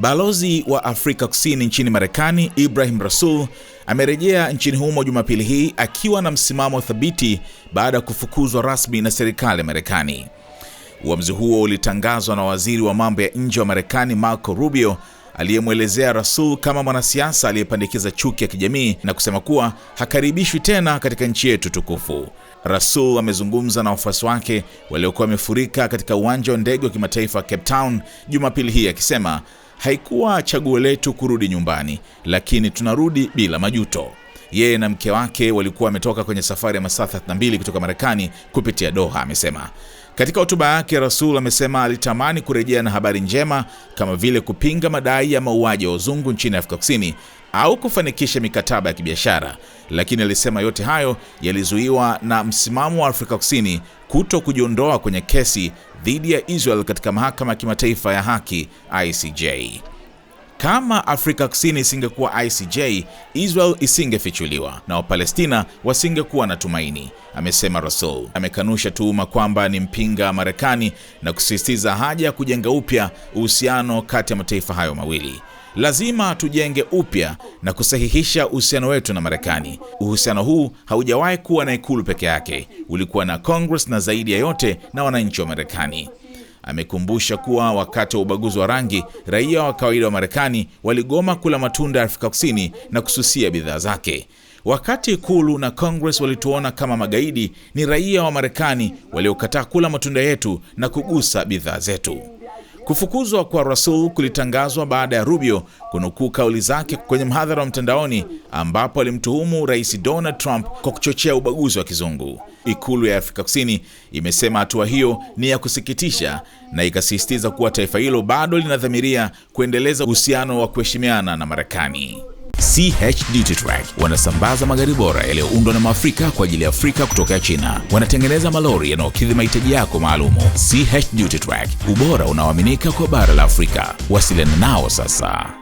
Balozi wa Afrika Kusini nchini Marekani, Ibrahim rasul amerejea nchini humo Jumapili hii akiwa na msimamo thabiti baada ya kufukuzwa rasmi na serikali ya Marekani. Uamuzi huo ulitangazwa na waziri wa mambo ya nje wa Marekani, Marco Rubio, aliyemwelezea rasul kama mwanasiasa aliyepandikiza chuki ya kijamii na kusema kuwa hakaribishwi tena katika nchi yetu tukufu. rasul amezungumza na wafuasi wake waliokuwa wamefurika katika uwanja wa ndege wa kimataifa Cape Town Jumapili hii akisema Haikuwa chaguo letu kurudi nyumbani, lakini tunarudi bila majuto. Yeye na mke wake walikuwa wametoka kwenye safari ya masaa 32 kutoka Marekani kupitia Doha, amesema. Katika hotuba yake, Rasul amesema alitamani kurejea na habari njema kama vile kupinga madai ya mauaji ya wazungu nchini Afrika Kusini au kufanikisha mikataba ya kibiashara, lakini alisema yote hayo yalizuiwa na msimamo wa Afrika Kusini kuto kujiondoa kwenye kesi dhidi ya Israel katika mahakama ya kimataifa ya haki ICJ. Kama Afrika Kusini isingekuwa ICJ, Israel isingefichuliwa na Wapalestina wasingekuwa na tumaini, amesema Rasul. Amekanusha tuhuma kwamba ni mpinga Marekani na kusisitiza haja ya kujenga upya uhusiano kati ya mataifa hayo mawili. Lazima tujenge upya na kusahihisha uhusiano wetu na Marekani. Uhusiano huu haujawahi kuwa na ikulu peke yake, ulikuwa na Congress na zaidi ya yote na wananchi wa Marekani. Amekumbusha kuwa wakati wa ubaguzi wa rangi, raia wa kawaida wa Marekani waligoma kula matunda ya Afrika Kusini na kususia bidhaa zake. Wakati ikulu na Congress walituona kama magaidi, ni raia wa Marekani waliokataa kula matunda yetu na kugusa bidhaa zetu. Kufukuzwa kwa Rasul kulitangazwa baada ya Rubio kunukuu kauli zake kwenye mhadhara wa mtandaoni ambapo alimtuhumu Rais Donald Trump kwa kuchochea ubaguzi wa kizungu. Ikulu ya Afrika Kusini imesema hatua hiyo ni ya kusikitisha na ikasisitiza kuwa taifa hilo bado linadhamiria kuendeleza uhusiano wa kuheshimiana na Marekani. CHD DigiTrack wanasambaza magari bora yaliyoundwa na Maafrika kwa ajili ya Afrika kutoka China. Wanatengeneza malori yanayokidhi mahitaji yako maalumu. CHD DigiTrack, ubora unaoaminika kwa bara la Afrika. Wasiliana nao sasa.